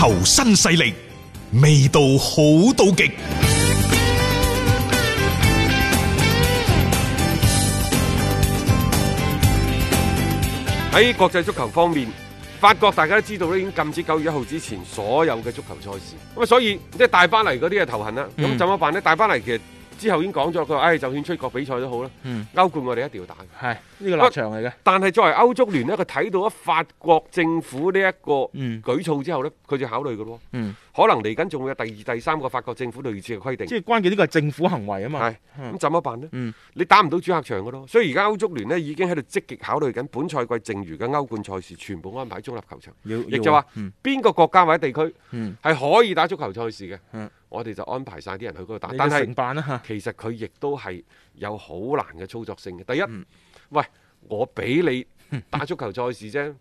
足球新勢力，味道好到極。喺國際足球方面，法國大家都知道咧，已經禁止九月一號之前所有嘅足球賽事。咁啊，所以即係大巴黎嗰啲嘅頭痕啦。咁、嗯、怎麽辦咧？大巴黎其實。之後已經講咗，佢話：誒，就算出國比賽都好啦，嗯、歐冠我哋一定要打。係呢、呢個立場嚟嘅。但係作為歐足聯咧，佢睇到咗法國政府呢一個舉措之後咧，佢、嗯、就考慮㗎咯。嗯。可能嚟緊仲會有第二、第三個法國政府類似嘅規定，即係關鍵呢個係政府行為啊嘛。係咁，怎麼辦呢？你打唔到主客場噶咯，所以而家歐足聯呢已經喺度積極考慮緊本賽季剩餘嘅歐冠賽事，全部安排喺中立球場。要亦就話邊個國家或者地區係可以打足球賽事嘅，我哋就安排晒啲人去嗰度打。你承辦啊吓？但係其實佢亦都係有好難嘅操作性嘅。第一，喂，我俾你打足球賽事啫，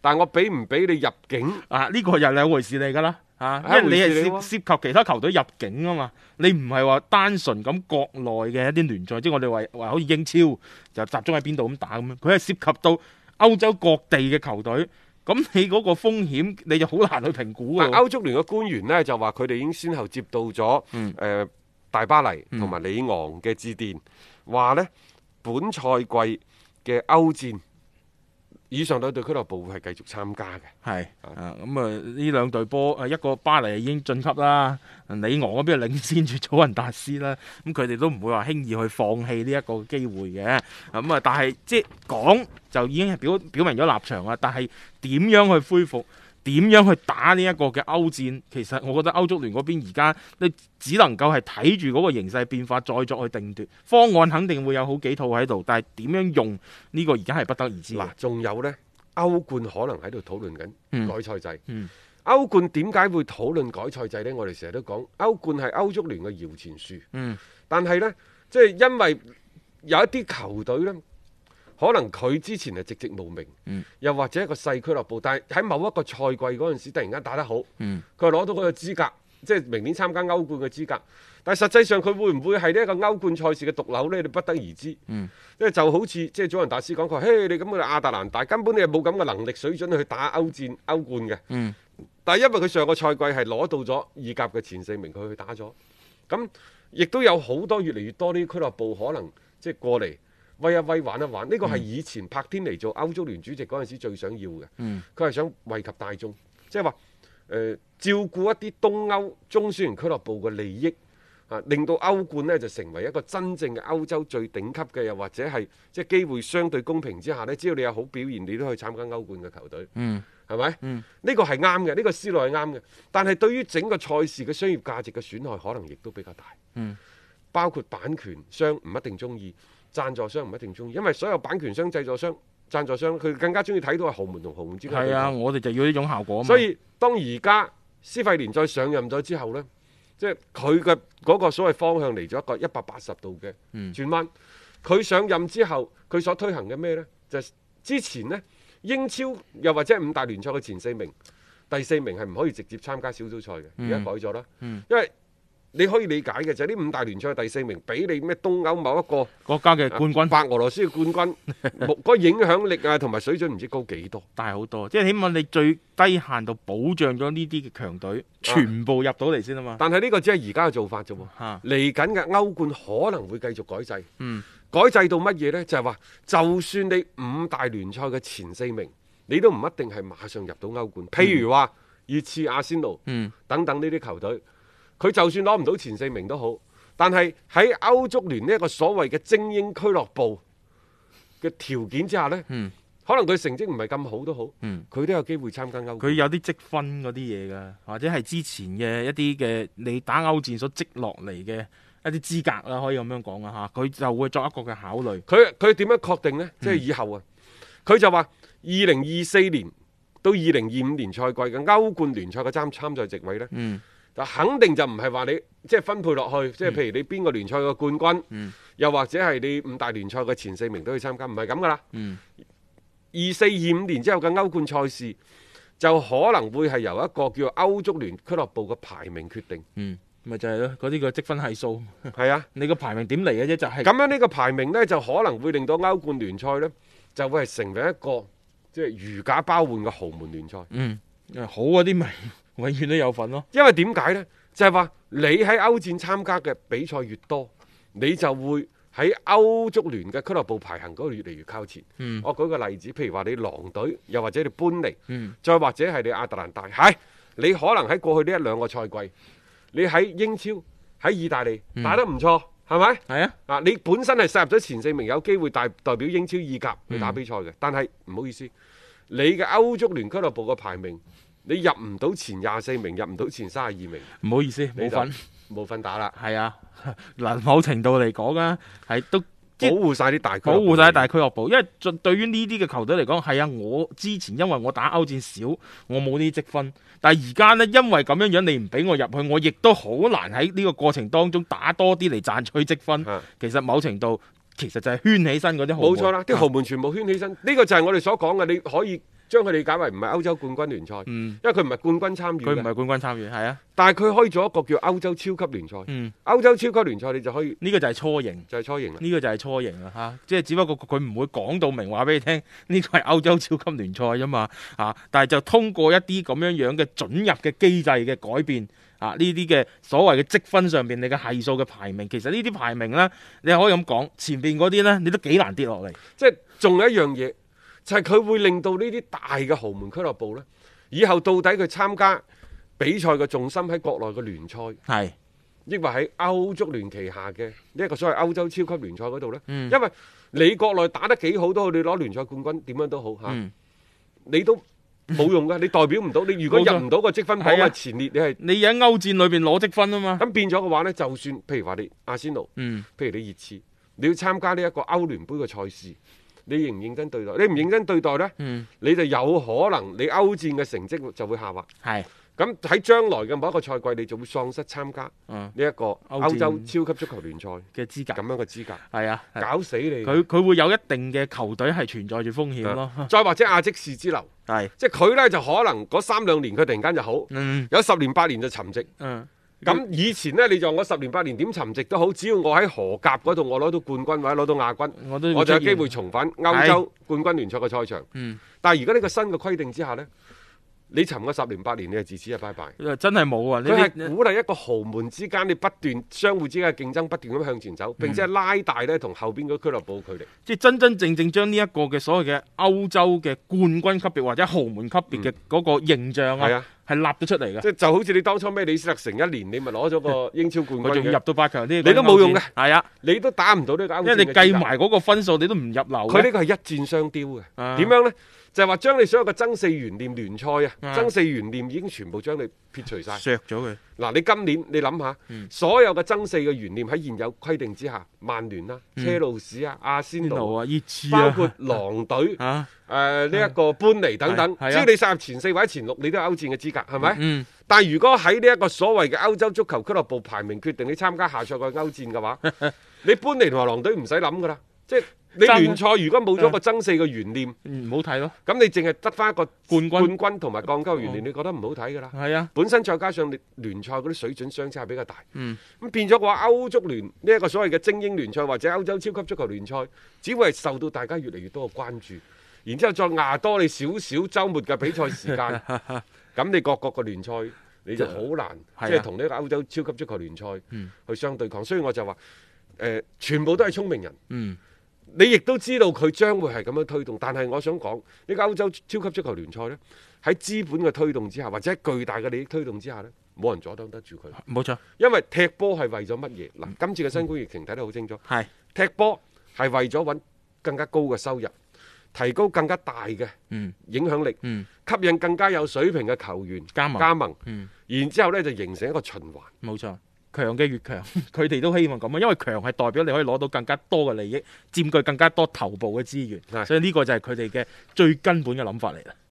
但我俾唔俾你入境啊？呢個又係兩回事嚟噶啦。啊！因為你係涉涉及其他球隊入境啊嘛，你唔係話單純咁國內嘅一啲聯賽，即係我哋話話好似英超就集中喺邊度咁打咁樣，佢係涉及到歐洲各地嘅球隊，咁你嗰個風險你就好難去評估啊！歐足聯嘅官員呢，就話佢哋已經先後接到咗誒、呃、大巴黎同埋里昂嘅致電，話呢，本賽季嘅歐戰。以上兩隊俱樂部係繼續參加嘅，係啊，咁啊，呢兩隊波，一個巴黎已經晉級啦，里昂嗰邊領先住祖雲達斯啦，咁佢哋都唔會話輕易去放棄呢一個機會嘅，咁啊，但係即係講就已經係表表明咗立場啦，但係點樣去恢復？點樣去打呢一個嘅歐戰？其實我覺得歐足聯嗰邊而家你只能夠係睇住嗰個形勢變化再作去定奪方案，肯定會有好幾套喺度。但係點樣用呢個而家係不得而知。嗱，仲有呢，歐冠可能喺度討論緊改賽制。嗯，嗯，歐冠點解會討論改賽制呢？我哋成日都講歐冠係歐足聯嘅搖錢樹。嗯，但係呢，即係因為有一啲球隊呢。可能佢之前係籍籍無名，又或者一個細俱樂部，但係喺某一個賽季嗰陣時，突然間打得好，佢攞到嗰個資格，即係明年參加歐冠嘅資格。但係實際上佢會唔會係呢一個歐冠賽事嘅毒瘤呢？你不得而知。即、嗯、就好似即係祖雲達斯講過，嘿，你咁嘅亞特蘭大根本你係冇咁嘅能力水準去打歐戰歐冠嘅。嗯、但係因為佢上個賽季係攞到咗意甲嘅前四名，佢去打咗。咁亦都有好多越嚟越多啲俱樂部可能即係過嚟。喂一、啊、喂，玩一、啊、玩，呢、這個係以前柏天尼做歐洲聯主席嗰陣時最想要嘅。佢係、嗯、想惠及大眾，即係話誒照顧一啲東歐中小型俱樂部嘅利益啊，令到歐冠呢就成為一個真正嘅歐洲最頂級嘅，又或者係即係機會相對公平之下咧，只要你有好表現，你都可以參加歐冠嘅球隊。係咪？呢個係啱嘅，呢、這個思路係啱嘅。但係對於整個賽事嘅商業價值嘅損害，可能亦都比較大。嗯、包括版權商唔一,一定中意。贊助商唔一定中意，因為所有版權商、製作商、贊助商，佢更加中意睇到係豪門同豪門之間。係啊，我哋就要呢種效果嘛。所以當而家施費連再上任咗之後呢，即係佢嘅嗰個所謂方向嚟咗一個一百八十度嘅轉彎。佢、嗯、上任之後，佢所推行嘅咩呢？就係、之前呢英超又或者五大聯賽嘅前四名，第四名係唔可以直接參加小組賽嘅，而家、嗯、改咗啦，嗯、因為。你可以理解嘅就係呢五大聯賽第四名，俾你咩東歐某一個國家嘅冠軍、白俄羅斯嘅冠軍， 個影響力啊同埋水準唔知高幾多、大好多，即係起碼你最低限度保障咗呢啲嘅強隊全部入到嚟先啊嘛。但係呢個只係而家嘅做法啫喎。嚟緊嘅歐冠可能會繼續改制，嗯、改制到乜嘢呢？就係話，就算你五大聯賽嘅前四名，你都唔一定係馬上入到歐冠。譬如話熱刺、阿仙奴等等呢啲球隊。佢就算攞唔到前四名都好，但係喺歐足聯呢一個所謂嘅精英俱樂部嘅條件之下呢，嗯，可能佢成績唔係咁好都好，嗯，佢都有機會參加歐。佢有啲積分嗰啲嘢噶，或者係之前嘅一啲嘅你打歐戰所積落嚟嘅一啲資格啦，可以咁樣講噶吓，佢就會作一個嘅考慮。佢佢點樣確定呢？即係以後啊，佢，嗯，就話二零二四年到二零二五年賽季嘅歐冠聯賽嘅參參賽席位呢，嗯。就肯定就唔係話你即係分配落去，即係譬如你邊個聯賽嘅冠軍，嗯、又或者係你五大聯賽嘅前四名都去參加，唔係咁噶啦。二、嗯、四二五年之後嘅歐冠賽事，就可能會係由一個叫歐足聯俱樂部嘅排名決定。咪、嗯、就係咯，嗰啲個積分係數係啊，你個排名點嚟嘅啫，就係、係、咁樣呢個排名呢，就可能會令到歐冠聯賽呢，就會係成為一個即係如假包換嘅豪門聯賽。嗯，好啊啲咪。永遠都有份咯、啊，因為點解呢？就係、是、話你喺歐戰參加嘅比賽越多，你就會喺歐足聯嘅俱樂部排行嗰度越嚟越靠前。嗯、我舉個例子，譬如話你狼隊，又或者你搬嚟，嗯、再或者係你亞特蘭大，係你可能喺過去呢一兩個賽季，你喺英超、喺意大利、嗯、打得唔錯，係咪？係啊。啊，你本身係殺入咗前四名，有機會代代表英超意甲去打比賽嘅，嗯、但係唔好意思，你嘅歐足聯俱樂部嘅排名。你入唔到前廿四名，入唔到前三十二名，唔好意思，冇分冇分打啦。係啊，嗱，某程度嚟講啊，係都保護晒啲大區，保護晒大俱樂部。因為對於呢啲嘅球隊嚟講，係啊，我之前因為我打歐戰少，我冇呢啲積分。但係而家呢，因為咁樣樣，你唔俾我入去，我亦都好難喺呢個過程當中打多啲嚟賺取積分。啊、其實某程度其實就係圈起身嗰啲豪門，冇錯啦，啲豪門全部圈起身。呢、啊、個就係我哋所講嘅，你可以。將佢理解為唔係歐洲冠軍聯賽，因為佢唔係冠軍參與。佢唔係冠軍參與，係啊。但係佢開咗一個叫歐洲超級聯賽。嗯。歐洲超級聯賽，你就可以呢個就係雛形，就係雛形。呢個就係雛形啦，吓，即係只不過佢唔會講到明話俾你聽，呢個係歐洲超級聯賽啫嘛，吓。但係就通過一啲咁樣樣嘅準入嘅機制嘅改變，啊，呢啲嘅所謂嘅積分上邊你嘅係數嘅排名，其實呢啲排名呢，你可以咁講，前邊嗰啲呢，你都幾難跌落嚟。即係仲有一樣嘢。就係佢會令到呢啲大嘅豪門俱樂部呢，以後到底佢參加比賽嘅重心喺國內嘅聯賽，係是，抑或喺歐足聯旗下嘅呢一個所謂歐洲超級聯賽嗰度呢？嗯、因為你國內打得幾好都好，你攞聯賽冠軍點樣都好嚇、嗯啊，你都冇用㗎，你代表唔到。 你如果入唔到個積分榜嘅錯前列你，你係你喺歐戰裏邊攞積分啊嘛。咁變咗嘅話呢，就算譬如話你阿仙奴，譬如你熱刺，你要參加呢一個歐聯杯嘅賽事。 你認唔認真對待？你唔認真對待呢？嗯、你就有可能你歐戰嘅成績就會下滑。係咁喺將來嘅某一個賽季，你就會喪失參加呢一個歐洲超級足球聯賽嘅資格。咁樣嘅資格係啊，搞死你！佢佢會有一定嘅球隊係存在住風險咯、啊。再或者亞積士之流，係是即係佢呢，就可能嗰三兩年佢突然間就好，嗯、有十年八年就沉寂。嗯咁以前呢，你就我十年八年點沉寂都好，只要我喺荷甲嗰度，我攞到冠軍或者攞到亞軍，我，我就有機會重返歐洲冠軍聯賽嘅賽場。嗯、但係而家呢個新嘅規定之下呢，你沉個十年八年，你就自此啊拜拜。真係冇啊！你係鼓勵一個豪門之間，你不斷相互之間嘅競爭，不斷咁向前走，嗯、並且拉大咧同後邊嗰俱樂部嘅距離。即係真真正正將呢一個嘅所謂嘅歐洲嘅冠軍級別或者豪門級別嘅嗰個形象啊。嗯係立咗出嚟嘅，即係就好似你當初咩李斯特城一年，你咪攞咗個英超冠軍，佢仲要 入到八強呢？冠冠，你都冇用嘅，係啊的，你都打唔到呢個，因為你計埋嗰個分數， 你都唔入流。佢呢個係一箭雙雕嘅，點、啊、樣咧？就係話將你所有嘅爭四懸念聯賽啊，爭四懸念已經全部將你撇除晒。削咗佢。嗱，你今年你諗下，所有嘅爭四嘅懸念喺現有規定之下，曼聯啊、車路士啊、阿仙奴啊，包括狼隊啊，誒呢一個搬嚟等等，只要你殺入前四位、前六，你都有歐戰嘅資格，係咪？但係如果喺呢一個所謂嘅歐洲足球俱樂部排名決定你參加下賽季嘅歐戰嘅話，你搬嚟同埋狼隊唔使諗噶啦，即係。你聯賽如果冇咗個爭四嘅懸念，唔、嗯、好睇咯。咁你淨係得翻一個冠軍，同埋降級懸念，哦、你覺得唔好睇噶啦。係啊，本身再加上你聯賽嗰啲水準相差比較大。嗯，咁變咗嘅話，歐足聯呢一個所謂嘅精英聯賽或者歐洲超級足球聯賽，只會係受到大家越嚟越多嘅關注。然之後再壓多你少少週末嘅比賽時間，咁 你各國嘅聯賽，你就好難即係同呢個歐洲超級足球聯賽去相對抗。嗯、所以我就話，誒、呃，全部都係聰明人。嗯。嗯。你亦都知道佢將會係咁樣推動，但係我想講呢個歐洲超級足球聯賽呢，喺資本嘅推動之下，或者巨大嘅利益推動之下呢，冇人阻擋得住佢。冇錯，因為踢波係為咗乜嘢？嗱，今次嘅新冠疫情睇得好清楚，係、嗯、踢波係為咗揾更加高嘅收入，提高更加大嘅影響力，嗯嗯、吸引更加有水平嘅球員加盟，加盟，嗯、然之後呢就形成一個循環。冇錯。強嘅越強，佢哋都希望咁啊，因為強係代表你可以攞到更加多嘅利益，佔據更加多頭部嘅資源，所以呢個就係佢哋嘅最根本嘅諗法嚟啦。